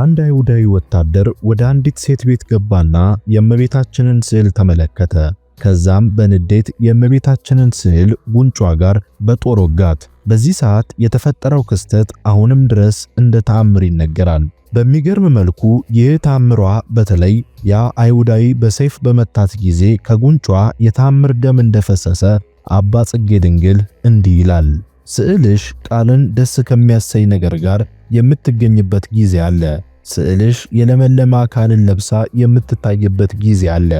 አንድ አይሁዳዊ ወታደር ወደ አንዲት ሴት ቤት ገባና የእመቤታችንን ስዕል ተመለከተ። ከዛም በንዴት የእመቤታችንን ስዕል ጉንጯ ጋር በጦር ወጋት። በዚህ ሰዓት የተፈጠረው ክስተት አሁንም ድረስ እንደ ተአምር ይነገራል። በሚገርም መልኩ ይህ ተአምሯ በተለይ ያ አይሁዳዊ በሰይፍ በመታት ጊዜ ከጉንጯ የተአምር ደም እንደፈሰሰ አባ ጽጌ ድንግል እንዲህ ይላል። ስዕልሽ ቃልን ደስ ከሚያሰኝ ነገር ጋር የምትገኝበት ጊዜ አለ። ስዕልሽ የለመለመ አካልን ለብሳ የምትታይበት ጊዜ አለ።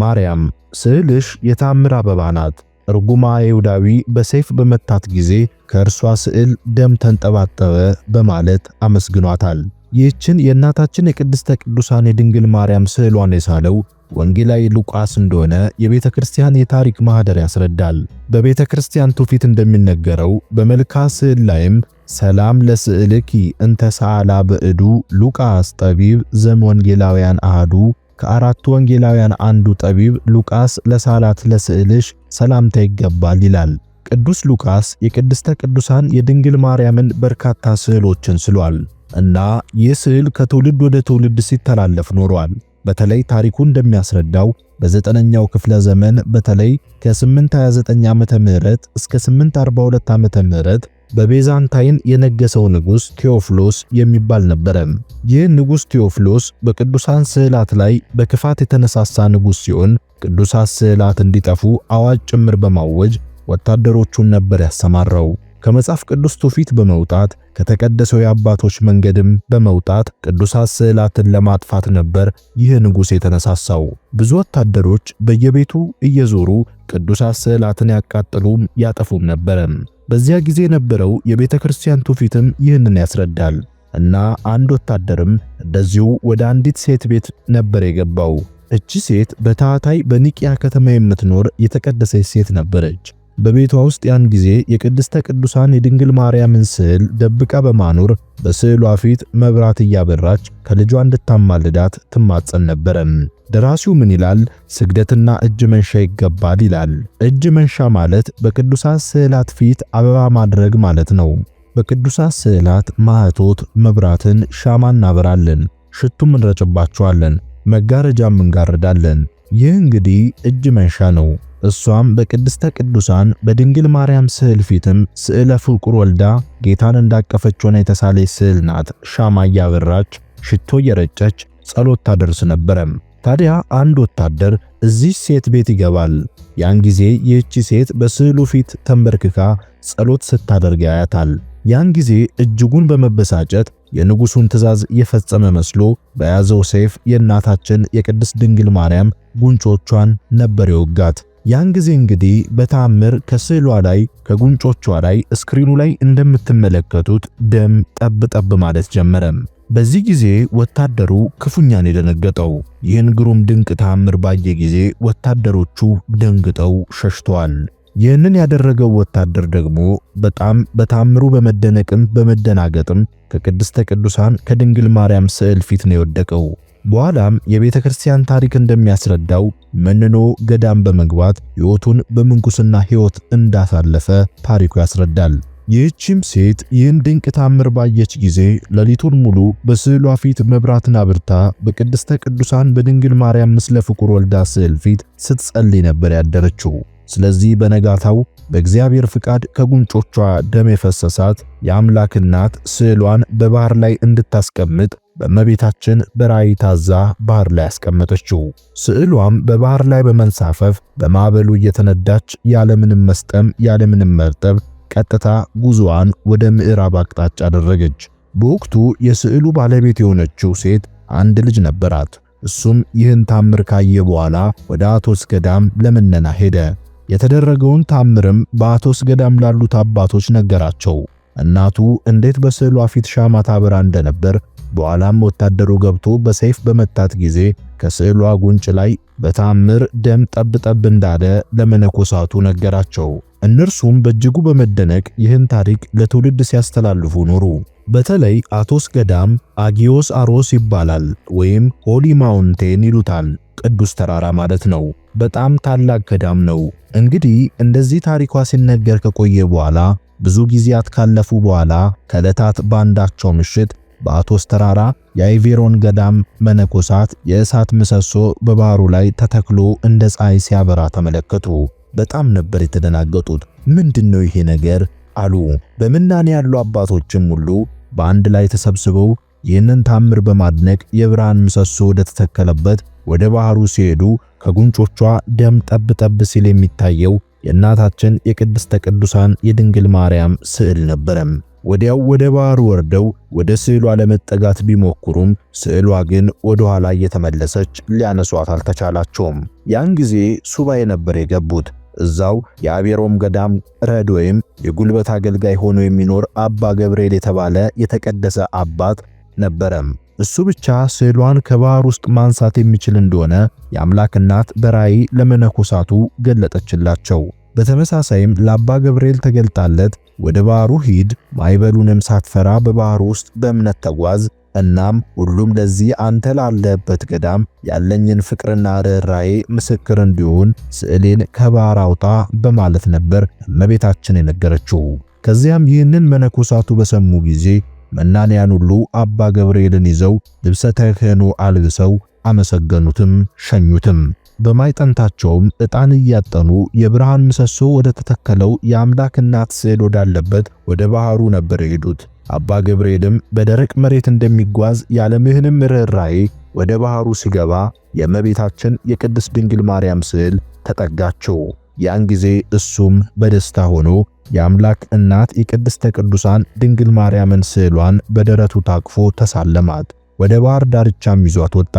ማርያም ስዕልሽ የታምር አበባ ናት። እርጉማ አይሁዳዊ በሰይፍ በመታት ጊዜ ከእርሷ ስዕል ደም ተንጠባጠበ በማለት አመስግኗታል። ይህችን የእናታችን የቅድስተ ቅዱሳን የድንግል ማርያም ስዕሏን የሳለው ወንጌላዊ ሉቃስ እንደሆነ የቤተ ክርስቲያን የታሪክ ማህደር ያስረዳል። በቤተ ክርስቲያን ትውፊት እንደሚነገረው በመልካ ስዕል ላይም ሰላም ለስዕልኪ እንተ ሰዓላ ብዕዱ ሉቃስ ጠቢብ ወንጌላውያን አህዱ ከአራቱ ወንጌላውያን አንዱ ጠቢብ ሉቃስ ለሳላት ለስዕልሽ ሰላምታ ይገባል ይላል። ቅዱስ ሉቃስ የቅድስተ ቅዱሳን የድንግል ማርያምን በርካታ ስዕሎችን ስሏል እና ይህ ስዕል ከትውልድ ወደ ትውልድ ሲተላለፍ ኖሯል። በተለይ ታሪኩ እንደሚያስረዳው በዘጠነኛው ክፍለ ዘመን በተለይ ከ829 ዓመተ ምህረት እስከ 842 ዓመተ ምህረት በቤዛንታይን የነገሰው ንጉስ ቴዎፍሎስ የሚባል ነበረ። ይህ ንጉስ ቴዎፍሎስ በቅዱሳን ስዕላት ላይ በክፋት የተነሳሳ ንጉስ ሲሆን ቅዱሳት ስዕላት እንዲጠፉ አዋጅ ጭምር በማወጅ ወታደሮቹን ነበር ያሰማራው። ከመጽሐፍ ቅዱስ ትውፊት በመውጣት ከተቀደሰው የአባቶች መንገድም በመውጣት ቅዱሳት ስዕላትን ለማጥፋት ነበር ይህ ንጉሥ የተነሳሳው። ብዙ ወታደሮች በየቤቱ እየዞሩ ቅዱሳት ስዕላትን ያቃጥሉም ያጠፉም ነበረ። በዚያ ጊዜ የነበረው የቤተ ክርስቲያን ትውፊትም ይህንን ያስረዳል እና አንድ ወታደርም እንደዚሁ ወደ አንዲት ሴት ቤት ነበር የገባው። እቺ ሴት በታህታይ በኒቅያ ከተማ የምትኖር የተቀደሰች ሴት ነበረች። በቤቷ ውስጥ ያን ጊዜ የቅድስተ ቅዱሳን የድንግል ማርያምን ስዕል ደብቃ በማኖር በስዕሏ ፊት መብራት እያበራች ከልጇ እንድታማልዳት ትማጸን ነበረም። ደራሲው ምን ይላል? ስግደትና እጅ መንሻ ይገባል ይላል። እጅ መንሻ ማለት በቅዱሳት ስዕላት ፊት አበባ ማድረግ ማለት ነው። በቅዱሳት ስዕላት ማህቶት መብራትን፣ ሻማ እናበራለን፣ ሽቱም እንረጭባቸዋለን፣ መጋረጃም እንጋርዳለን። ይህ እንግዲህ እጅ መንሻ ነው። እሷም በቅድስተ ቅዱሳን በድንግል ማርያም ስዕል ፊትም ስዕለ ፍቁር ወልዳ ጌታን እንዳቀፈች ሆነ የተሳለች ስዕል ናት። ሻማ እያበራች ሽቶ እየረጨች ጸሎት ታደርስ ነበረም። ታዲያ አንድ ወታደር እዚህ ሴት ቤት ይገባል። ያን ጊዜ ይህቺ ሴት በስዕሉ ፊት ተንበርክካ ጸሎት ስታደርግ ያያታል። ያን ጊዜ እጅጉን በመበሳጨት የንጉሱን ትእዛዝ የፈጸመ መስሎ በያዘው ሰይፍ የእናታችን የቅድስት ድንግል ማርያም ጉንጮቿን ነበር የወጋት። ያን ጊዜ እንግዲህ በተአምር ከስዕሏ ላይ ከጉንጮቿ ላይ ስክሪኑ ላይ እንደምትመለከቱት ደም ጠብ ጠብ ማለት ጀመረ። በዚህ ጊዜ ወታደሩ ክፉኛን የደነገጠው ይህን ግሩም ድንቅ ተአምር ባየ ጊዜ ወታደሮቹ ደንግጠው ሸሽተዋል። ይህንን ያደረገው ወታደር ደግሞ በጣም በታምሩ በመደነቅም በመደናገጥም ከቅድስተ ቅዱሳን ከድንግል ማርያም ስዕል ፊት ነው የወደቀው። በኋላም የቤተ ክርስቲያን ታሪክ እንደሚያስረዳው መንኖ ገዳም በመግባት ሕይወቱን በምንኩስና ሕይወት እንዳሳለፈ ታሪኩ ያስረዳል። ይህችም ሴት ይህን ድንቅ ታምር ባየች ጊዜ ሌሊቱን ሙሉ በስዕሏ ፊት መብራትን አብርታ በቅድስተ ቅዱሳን በድንግል ማርያም ምስለ ፍቁር ወልዳ ስዕል ፊት ስትጸልይ ነበር ያደረችው። ስለዚህ በነጋታው በእግዚአብሔር ፍቃድ ከጉንጮቿ ደም የፈሰሳት የአምላክ እናት ስዕሏን በባህር ላይ እንድታስቀምጥ በእመቤታችን በራእይ ታዛ ባህር ላይ ያስቀመጠችው። ስዕሏም በባህር ላይ በመንሳፈፍ በማዕበሉ እየተነዳች ያለምንም መስጠም ያለምንም መርጠብ ቀጥታ ጉዞዋን ወደ ምዕራብ አቅጣጫ አደረገች። በወቅቱ የስዕሉ ባለቤት የሆነችው ሴት አንድ ልጅ ነበራት። እሱም ይህን ታምር ካየ በኋላ ወደ አቶስ ገዳም ለምነና ሄደ። የተደረገውን ታምርም በአቶስ ገዳም ላሉት አባቶች ነገራቸው። እናቱ እንዴት በስዕሏ ፊት ሻማ ታበራ እንደነበር በኋላም ወታደሩ ገብቶ በሰይፍ በመታት ጊዜ ከስዕሏ ጉንጭ ላይ በታምር ደም ጠብ ጠብ እንዳለ ለመነኮሳቱ ነገራቸው። እነርሱም በእጅጉ በመደነቅ ይህን ታሪክ ለትውልድ ሲያስተላልፉ ኖሩ። በተለይ አቶስ ገዳም አጊዮስ አሮስ ይባላል ወይም ሆሊ ማውንቴን ይሉታል፣ ቅዱስ ተራራ ማለት ነው። በጣም ታላቅ ገዳም ነው። እንግዲህ እንደዚህ ታሪኳ ሲነገር ከቆየ በኋላ ብዙ ጊዜያት ካለፉ በኋላ ከዕለታት በአንዳቸው ምሽት በአቶስ ተራራ የአይቬሮን ገዳም መነኮሳት የእሳት ምሰሶ በባህሩ ላይ ተተክሎ እንደ ፀሐይ ሲያበራ ተመለከቱ። በጣም ነበር የተደናገጡት። ምንድነው ይሄ ነገር አሉ። በምናኔ ያሉ አባቶችም ሁሉ በአንድ ላይ ተሰብስበው ይህንን ታምር በማድነቅ የብርሃን ምሰሶ ወደ ተተከለበት ወደ ባህሩ ሲሄዱ ከጉንጮቿ ደም ጠብ ጠብ ሲል የሚታየው የእናታችን የቅድስተ ቅዱሳን የድንግል ማርያም ስዕል ነበረም። ወዲያው ወደ ባህሩ ወርደው ወደ ስዕሏ ለመጠጋት ቢሞክሩም ስዕሏ ግን ወደ ኋላ እየተመለሰች ሊያነሷት አልተቻላቸውም። ያን ጊዜ ሱባኤ ነበር የገቡት። እዛው የአቤሮም ገዳም ረድ ወይም የጉልበት አገልጋይ ሆኖ የሚኖር አባ ገብርኤል የተባለ የተቀደሰ አባት ነበረም። እሱ ብቻ ስዕሏን ከባህር ውስጥ ማንሳት የሚችል እንደሆነ የአምላክ እናት በራእይ ለመነኮሳቱ ገለጠችላቸው። በተመሳሳይም ለአባ ገብርኤል ተገልጣለት ወደ ባህሩ ሂድ፣ ማይበሉንም ሳትፈራ በባህሩ ውስጥ በእምነት ተጓዝ እናም ሁሉም ለዚህ አንተ ላለበት ገዳም ያለኝን ፍቅርና ርኅራዬ ምስክር እንዲሆን ስዕሌን ከባህር አውጣ በማለት ነበር እመቤታችን የነገረችው። ከዚያም ይህንን መነኮሳቱ በሰሙ ጊዜ መናንያን ሁሉ አባ ገብርኤልን ይዘው ልብሰ ተክህኖ አልብሰው አመሰገኑትም፣ ሸኙትም። በማይጠንታቸውም ዕጣን እያጠኑ የብርሃን ምሰሶ ወደ ተተከለው የአምላክ እናት ስዕል ወዳለበት ወደ ባሕሩ ነበር የሄዱት። አባ ገብርኤልም በደረቅ መሬት እንደሚጓዝ ያለምንም ርኅራኄ ወደ ባህሩ ሲገባ የእመቤታችን የቅድስት ድንግል ማርያም ስዕል ተጠጋቸው። ያን ጊዜ እሱም በደስታ ሆኖ የአምላክ እናት የቅድስተ ቅዱሳን ድንግል ማርያምን ስዕሏን በደረቱ ታቅፎ ተሳለማት። ወደ ባህር ዳርቻም ይዟት ወጣ።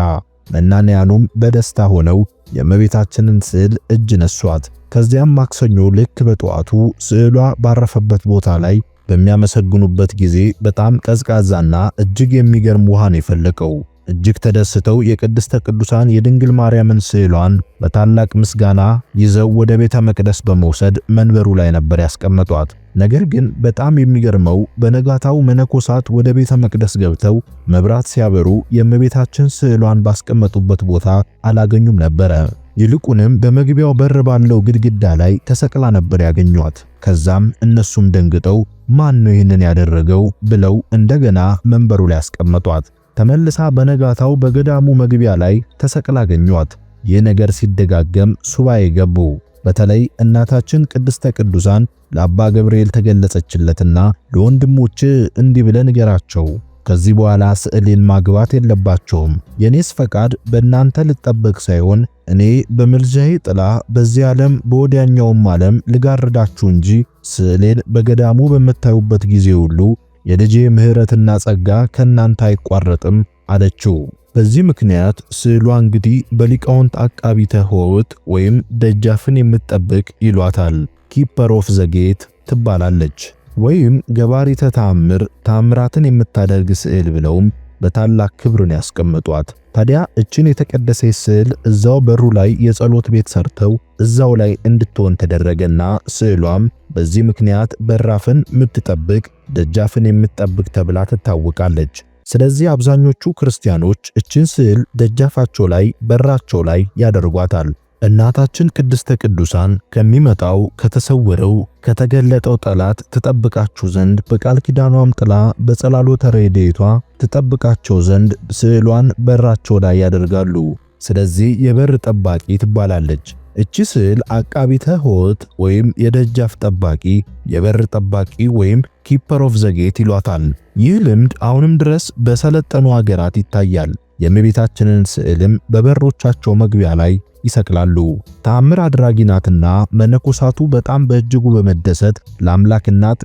መናንያኑም በደስታ ሆነው የእመቤታችንን ስዕል እጅ ነሷት። ከዚያም ማክሰኞ ልክ በጠዋቱ ስዕሏ ባረፈበት ቦታ ላይ በሚያመሰግኑበት ጊዜ በጣም ቀዝቃዛና እጅግ የሚገርም ውሃን የፈለቀው እጅግ ተደስተው የቅድስተ ቅዱሳን የድንግል ማርያምን ስዕሏን በታላቅ ምስጋና ይዘው ወደ ቤተ መቅደስ በመውሰድ መንበሩ ላይ ነበር ያስቀመጧት። ነገር ግን በጣም የሚገርመው በነጋታው መነኮሳት ወደ ቤተ መቅደስ ገብተው መብራት ሲያበሩ የእመቤታችን ስዕሏን ባስቀመጡበት ቦታ አላገኙም ነበረ። ይልቁንም በመግቢያው በር ባለው ግድግዳ ላይ ተሰቅላ ነበር ያገኟት። ከዛም እነሱም ደንግጠው ማን ነው ይህንን ያደረገው ብለው እንደገና መንበሩ ላይ አስቀመጧት። ተመልሳ በነጋታው በገዳሙ መግቢያ ላይ ተሰቅላ አገኟት። ይህ ነገር ሲደጋገም ሱባኤ ገቡ። በተለይ እናታችን ቅድስተ ቅዱሳን ለአባ ገብርኤል ተገለጸችለትና ለወንድሞች እንዲህ ብለህ ንገራቸው ከዚህ በኋላ ስዕሌን ማግባት የለባቸውም። የኔስ ፈቃድ በእናንተ ልጠበቅ ሳይሆን እኔ በምልጃዬ ጥላ በዚህ ዓለም በወዲያኛውም ዓለም ልጋርዳችሁ እንጂ ስዕሌን በገዳሙ በምታዩበት ጊዜ ሁሉ የልጄ ምሕረትና ጸጋ ከእናንተ አይቋረጥም አለችው። በዚህ ምክንያት ስዕሏ እንግዲህ በሊቃውንት አቃቢተ ሕይወት ወይም ደጃፍን የምትጠብቅ ይሏታል፣ ኪፐር ኦፍ ዘጌት ትባላለች። ወይም ገባሪተ ተአምር ታምራትን የምታደርግ ስዕል ብለውም በታላቅ ክብርን ያስቀምጧት። ታዲያ እችን የተቀደሰ ስዕል እዛው በሩ ላይ የጸሎት ቤት ሰርተው እዛው ላይ እንድትሆን ተደረገና ስዕሏም በዚህ ምክንያት በራፍን የምትጠብቅ ደጃፍን የምትጠብቅ ተብላ ትታወቃለች። ስለዚህ አብዛኞቹ ክርስቲያኖች እችን ስዕል ደጃፋቸው ላይ በራቸው ላይ ያደርጓታል። እናታችን ቅድስተ ቅዱሳን ከሚመጣው ከተሰወረው ከተገለጠው ጠላት ትጠብቃችሁ ዘንድ በቃል ኪዳኗም ጥላ በጸላሎተ ረድኤቷ ትጠብቃቸው ዘንድ ስዕሏን በራቸው ላይ ያደርጋሉ። ስለዚህ የበር ጠባቂ ትባላለች። እቺ ስዕል አቃቢተ ሕይወት ወይም የደጃፍ ጠባቂ፣ የበር ጠባቂ ወይም ኪፐር ኦፍ ዘጌት ይሏታል። ይህ ልምድ አሁንም ድረስ በሰለጠኑ ሀገራት ይታያል። የእመቤታችንን ስዕልም በበሮቻቸው መግቢያ ላይ ይሰቅላሉ። ተአምር አድራጊ ናትና መነኮሳቱ በጣም በእጅጉ በመደሰት ለአምላክ እናት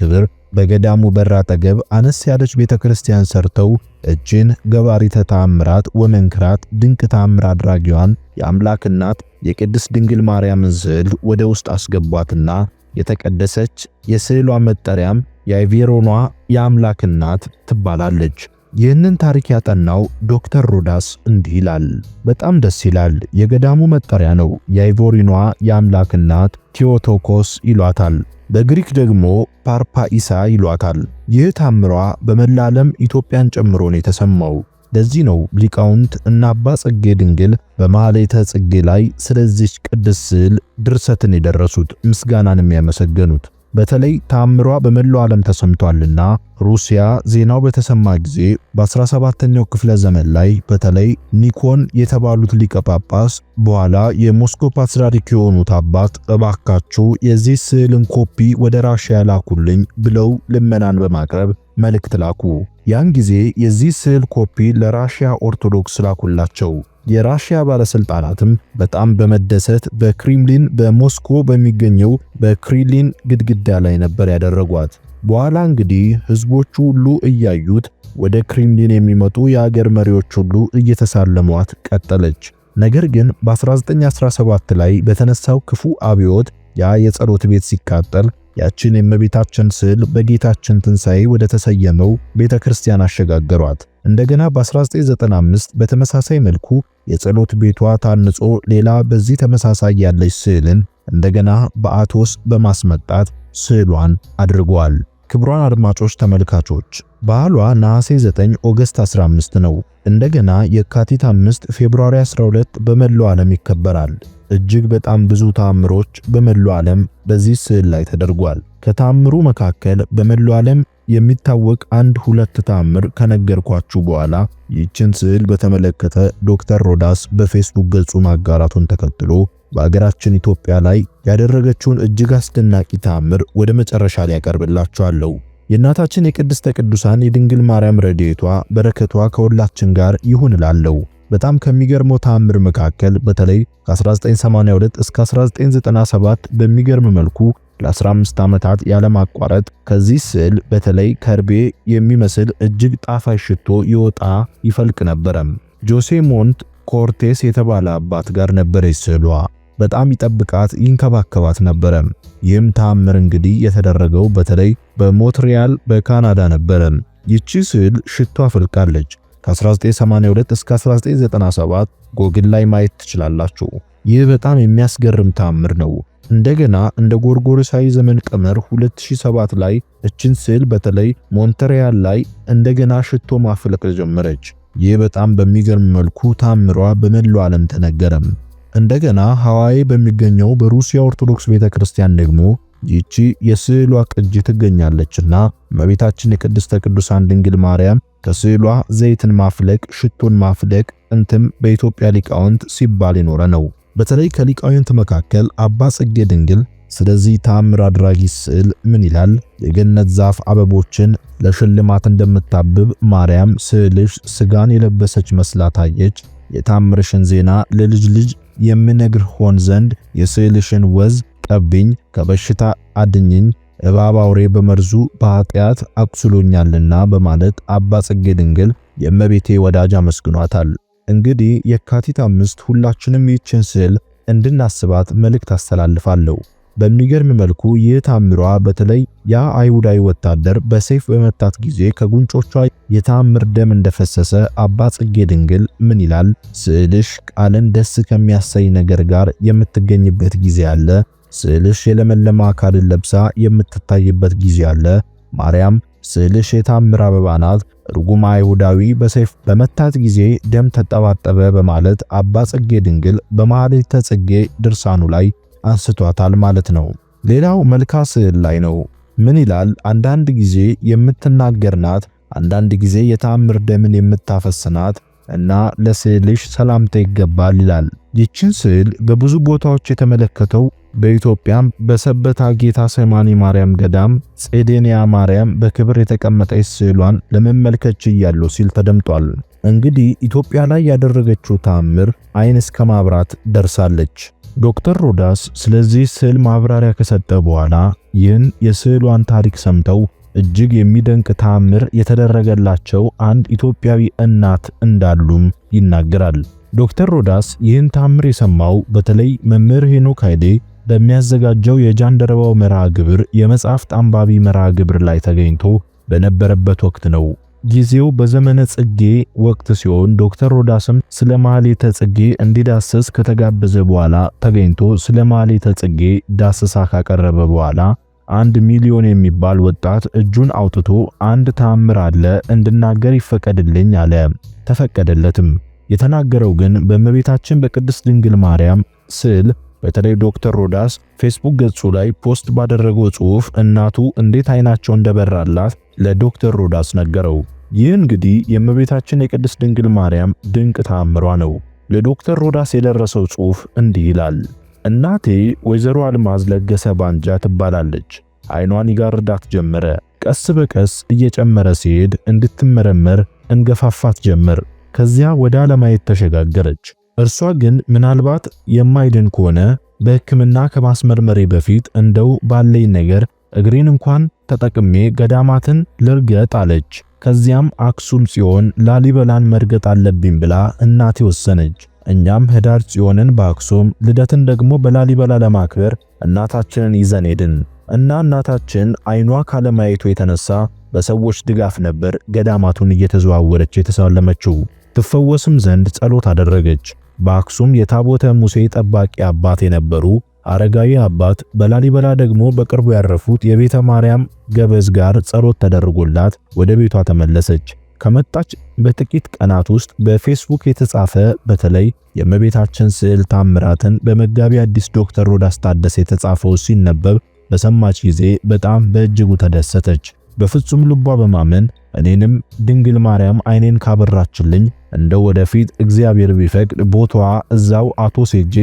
ክብር በገዳሙ በር አጠገብ አነስ ያለች ቤተክርስቲያን ሰርተው እጅን ገባሪተ ተአምራት ወመንክራት ድንቅ ተአምር አድራጊዋን የአምላክ እናት የቅድስት ድንግል ማርያምን ስዕል ወደ ውስጥ አስገቧትና የተቀደሰች የስዕሏ መጠሪያም የአይቬሮኗ የአምላክ እናት ትባላለች። ይህንን ታሪክ ያጠናው ዶክተር ሮዳስ እንዲህ ይላል። በጣም ደስ ይላል። የገዳሙ መጠሪያ ነው። የአይቮሪኗ የአምላክ እናት ቴዎቶኮስ ይሏታል። በግሪክ ደግሞ ፓርፓኢሳ ይሏታል። ይህ ታምሯ በመላ ዓለም ኢትዮጵያን ጨምሮ ነው የተሰማው። ለዚህ ነው ሊቃውንት እና አባ ጽጌ ድንግል በማኅሌተ ጽጌ ላይ ስለዚች ቅድስት ስዕል ድርሰትን የደረሱት ምስጋናን የሚያመሰገኑት። በተለይ ታምሯ በመላው ዓለም ተሰምቷልና ሩሲያ ዜናው በተሰማ ጊዜ በ17ኛው ክፍለ ዘመን ላይ በተለይ ኒኮን የተባሉት ሊቀ ጳጳስ በኋላ የሞስኮ ፓትርያርክ የሆኑት አባት እባካችሁ የዚህ ስዕልን ኮፒ ወደ ራሽያ ላኩልኝ ብለው ልመናን በማቅረብ መልእክት ላኩ። ያን ጊዜ የዚህ ስዕል ኮፒ ለራሽያ ኦርቶዶክስ ላኩላቸው። የራሽያ ባለስልጣናትም በጣም በመደሰት በክሪምሊን በሞስኮ በሚገኘው በክሪሊን ግድግዳ ላይ ነበር ያደረጓት። በኋላ እንግዲህ ህዝቦቹ ሁሉ እያዩት ወደ ክሪምሊን የሚመጡ የአገር መሪዎች ሁሉ እየተሳለሟት ቀጠለች። ነገር ግን በ1917 ላይ በተነሳው ክፉ አብዮት ያ የጸሎት ቤት ሲቃጠል ያችን የእመቤታችን ስዕል በጌታችን ትንሣኤ ወደ ተሰየመው ቤተ ክርስቲያን አሸጋገሯት። እንደገና በ1995 በተመሳሳይ መልኩ የጸሎት ቤቷ ታንጾ ሌላ በዚህ ተመሳሳይ ያለች ስዕልን እንደገና በአቶስ በማስመጣት ስዕሏን አድርጓል። ክብሯን አድማጮች ተመልካቾች በዓሏ ነሐሴ 9 ኦገስት 15 ነው። እንደገና የካቲት 5 ፌብሩዋሪ 12 በመላው ዓለም ይከበራል። እጅግ በጣም ብዙ ተአምሮች በመላው ዓለም በዚህ ስዕል ላይ ተደርጓል። ከተአምሩ መካከል በመላው ዓለም የሚታወቅ አንድ ሁለት ተአምር ከነገርኳችሁ በኋላ ይህችን ስዕል በተመለከተ ዶክተር ሮዳስ በፌስቡክ ገጹ ማጋራቱን ተከትሎ በአገራችን ኢትዮጵያ ላይ ያደረገችውን እጅግ አስደናቂ ተአምር ወደ መጨረሻ ላይ ያቀርብላችኋለሁ። የእናታችን የቅድስተ ቅዱሳን የድንግል ማርያም ረድኤቷ በረከቷ ከሁላችን ጋር ይሁን እላለሁ። በጣም ከሚገርመው ተአምር መካከል በተለይ ከ1982 እስከ 1997 በሚገርም መልኩ ለ15 ዓመታት ያለማቋረጥ ከዚህ ስዕል በተለይ ከርቤ የሚመስል እጅግ ጣፋጭ ሽቶ ይወጣ ይፈልቅ ነበረ። ጆሴ ሞንት ኮርቴስ የተባለ አባት ጋር ነበረች ስዕሏ። በጣም ይጠብቃት ይንከባከባት ነበረ። ይህም ተአምር እንግዲህ የተደረገው በተለይ በሞትሪያል በካናዳ ነበረ። ይቺ ስዕል ሽቶ አፈልቃለች ከ1982 እስከ 1997 ጎግል ላይ ማየት ትችላላችሁ። ይህ በጣም የሚያስገርም ተአምር ነው። እንደገና እንደ ጎርጎሮሳዊ ዘመን ቀመር 2007 ላይ እችን ስዕል በተለይ ሞንትሪያል ላይ እንደገና ሽቶ ማፍለቅል ጀመረች። ይህ በጣም በሚገርም መልኩ ታምሯ በመላው ዓለም ተነገረም። እንደገና ሐዋይ በሚገኘው በሩሲያ ኦርቶዶክስ ቤተክርስቲያን ደግሞ ይቺ የስዕሏ ቅጂ ትገኛለችና እመቤታችን የቅድስተ ቅዱሳን ድንግል ማርያም ከስዕሏ ዘይትን ማፍለቅ፣ ሽቶን ማፍለቅ ጥንትም በኢትዮጵያ ሊቃውንት ሲባል የኖረ ነው። በተለይ ከሊቃውንት መካከል አባ ጽጌ ድንግል ስለዚህ ተአምር አድራጊ ስዕል ምን ይላል? የገነት ዛፍ አበቦችን ለሽልማት እንደምታብብ ማርያም ስዕልሽ ስጋን የለበሰች መስላ ታየች። የታምርሽን ዜና ለልጅ ልጅ የምነግር ሆን ዘንድ የስዕልሽን ወዝ ጠብኝ፣ ከበሽታ አድኝኝ፣ እባብ አውሬ በመርዙ በኃጢአት አቁስሎኛልና በማለት አባ ጽጌ ድንግል የእመቤቴ ወዳጅ አመስግኗታል። እንግዲህ የካቲት አምስት ሁላችንም ይህችን ስዕል እንድናስባት መልእክት አስተላልፋለሁ። በሚገርም መልኩ ይህ ታምሯ በተለይ ያ አይሁዳዊ ወታደር በሰይፍ በመታት ጊዜ ከጉንጮቿ የታምር ደም እንደፈሰሰ አባ ጽጌ ድንግል ምን ይላል? ስዕልሽ ቃልን ደስ ከሚያሳይ ነገር ጋር የምትገኝበት ጊዜ አለ ስዕልሽ የለመለመ አካልን ለብሳ የምትታይበት ጊዜ አለ። ማርያም ስዕልሽ የታምር አበባ ናት፣ ርጉም አይሁዳዊ በሰይፍ በመታት ጊዜ ደም ተጠባጠበ በማለት አባ ጽጌ ድንግል በመኃልየተ ጽጌ ድርሳኑ ላይ አንስቷታል ማለት ነው። ሌላው መልካ ስዕል ላይ ነው። ምን ይላል? አንዳንድ ጊዜ የምትናገር ናት፣ አንዳንድ ጊዜ የታምር ደምን የምታፈስናት እና ለስዕልሽ ሰላምታ ይገባል ይላል። ይችን ስዕል በብዙ ቦታዎች የተመለከተው በኢትዮጵያም በሰበታ ጌታ ሰማኒ ማርያም ገዳም ጼዴንያ ማርያም በክብር የተቀመጠች ስዕሏን ለመመልከች እያለሁ ሲል ተደምጧል። እንግዲህ ኢትዮጵያ ላይ ያደረገችው ተአምር አይን እስከ ማብራት ደርሳለች። ዶክተር ሮዳስ ስለዚህ ስዕል ማብራሪያ ከሰጠ በኋላ ይህን የስዕሏን ታሪክ ሰምተው እጅግ የሚደንቅ ታምር የተደረገላቸው አንድ ኢትዮጵያዊ እናት እንዳሉም ይናገራል። ዶክተር ሮዳስ ይህን ታምር የሰማው በተለይ መምህር ሄኖክ ኃይሌ በሚያዘጋጀው የጃንደረባው መርሃ ግብር የመጽሐፍት አንባቢ መርሃ ግብር ላይ ተገኝቶ በነበረበት ወቅት ነው። ጊዜው በዘመነ ጽጌ ወቅት ሲሆን ዶክተር ሮዳስም ስለ ማህሌተ ጽጌ እንዲዳስስ ከተጋበዘ በኋላ ተገኝቶ ስለ ማህሌተ ጽጌ ዳስሳ ካቀረበ በኋላ አንድ ሚሊዮን የሚባል ወጣት እጁን አውጥቶ አንድ ተአምር አለ እንድናገር ይፈቀድልኝ አለ። ተፈቀደለትም። የተናገረው ግን በእመቤታችን በቅድስት ድንግል ማርያም ስዕል በተለይ ዶክተር ሮዳስ ፌስቡክ ገጹ ላይ ፖስት ባደረገው ጽሑፍ እናቱ እንዴት አይናቸው እንደበራላት ለዶክተር ሮዳስ ነገረው። ይህ እንግዲህ የእመቤታችን የቅድስት ድንግል ማርያም ድንቅ ተአምሯ ነው። ለዶክተር ሮዳስ የደረሰው ጽሑፍ እንዲህ ይላል። እናቴ ወይዘሮ አልማዝ ለገሰ ባንጃ ትባላለች። አይኗን ይጋርዳት ጀመረ። ቀስ በቀስ እየጨመረ ሲሄድ እንድትመረመር እንገፋፋት ጀመር። ከዚያ ወደ አለማየት ተሸጋገረች። እርሷ ግን ምናልባት የማይድን ከሆነ በሕክምና ከማስመርመሬ በፊት እንደው ባለኝ ነገር እግሬን እንኳን ተጠቅሜ ገዳማትን ልርገጥ አለች። ከዚያም አክሱም ጽዮን፣ ላሊበላን መርገጥ አለብኝ ብላ እናቴ ወሰነች። እኛም ህዳር ጽዮንን በአክሱም ልደትን ደግሞ በላሊበላ ለማክበር እናታችንን ይዘን ሄድን እና እናታችን አይኗ ካለማየቱ የተነሳ በሰዎች ድጋፍ ነበር ገዳማቱን እየተዘዋወረች የተሳለመችው። ትፈወስም ዘንድ ጸሎት አደረገች። በአክሱም የታቦተ ሙሴ ጠባቂ አባት የነበሩ አረጋዊ አባት፣ በላሊበላ ደግሞ በቅርቡ ያረፉት የቤተ ማርያም ገበዝ ጋር ጸሎት ተደርጎላት ወደ ቤቷ ተመለሰች። ከመጣች በጥቂት ቀናት ውስጥ በፌስቡክ የተጻፈ በተለይ የእመቤታችን ስዕል ታምራትን በመጋቢ አዲስ ዶክተር ሮዳስ ታደሰ የተጻፈው ሲነበብ በሰማች ጊዜ በጣም በእጅጉ ተደሰተች። በፍጹም ልቧ በማመን እኔንም ድንግል ማርያም አይኔን ካበራችልኝ እንደ ወደፊት እግዚአብሔር ቢፈቅድ ቦታዋ እዛው አቶ ሴጄ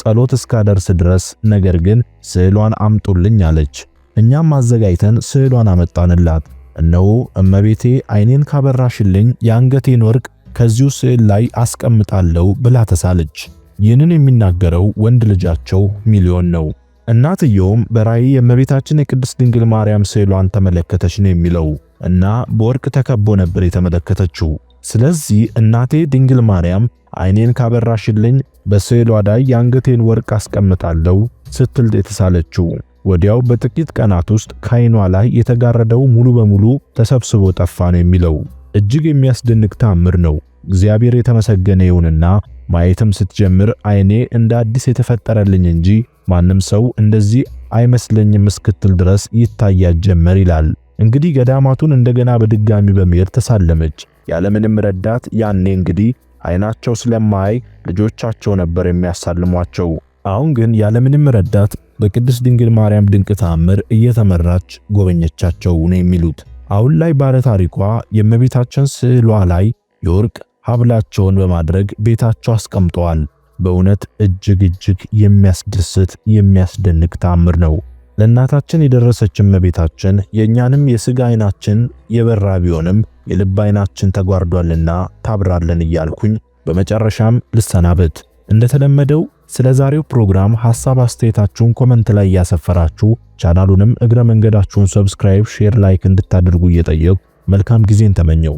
ጸሎት እስካደርስ ድረስ ነገር ግን ስዕሏን አምጡልኝ አለች። እኛም አዘጋጅተን ስዕሏን አመጣንላት። እነሆ እመቤቴ ዓይኔን ካበራሽልኝ የአንገቴን ወርቅ ከዚሁ ስዕል ላይ አስቀምጣለሁ ብላ ተሳለች። ይህንን የሚናገረው ወንድ ልጃቸው ሚሊዮን ነው። እናትየውም በራእይ የእመቤታችን የቅድስት ድንግል ማርያም ስዕሏን ተመለከተች ነው የሚለው እና በወርቅ ተከቦ ነበር የተመለከተችው። ስለዚህ እናቴ ድንግል ማርያም ዓይኔን ካበራሽልኝ በስዕሏ ላይ የአንገቴን ወርቅ አስቀምጣለሁ ስትል የተሳለችው ወዲያው በጥቂት ቀናት ውስጥ ከዓይኗ ላይ የተጋረደው ሙሉ በሙሉ ተሰብስቦ ጠፋ ነው የሚለው። እጅግ የሚያስደንቅ ታምር ነው። እግዚአብሔር የተመሰገነ ይሁንና ማየትም ስትጀምር ዓይኔ እንደ አዲስ የተፈጠረልኝ እንጂ ማንም ሰው እንደዚህ አይመስለኝም እስክትል ድረስ ይታያት ጀመር ይላል። እንግዲህ ገዳማቱን እንደገና በድጋሚ በመሄድ ተሳለመች። ያለምንም ረዳት ያኔ እንግዲህ ዓይናቸው ስለማያይ ልጆቻቸው ነበር የሚያሳልሟቸው። አሁን ግን ያለምንም ረዳት በቅድስት ድንግል ማርያም ድንቅ ተአምር እየተመራች ጎበኘቻቸው ነው የሚሉት። አሁን ላይ ባለ ታሪኳ የእመቤታችን ስዕሏ ላይ የወርቅ ሀብላቸውን በማድረግ ቤታቸው አስቀምጠዋል። በእውነት እጅግ እጅግ የሚያስደስት የሚያስደንቅ ተአምር ነው። ለእናታችን የደረሰች እመቤታችን የእኛንም የሥጋ ዓይናችን የበራ ቢሆንም የልብ ዓይናችን ተጓርዷልና ታብራለን እያልኩኝ በመጨረሻም ልሰናበት እንደተለመደው ስለ ዛሬው ፕሮግራም ሐሳብ አስተያየታችሁን ኮመንት ላይ እያሰፈራችሁ ቻናሉንም እግረ መንገዳችሁን ሰብስክራይብ፣ ሼር፣ ላይክ እንድታደርጉ እየጠየቁ መልካም ጊዜን ተመኘው።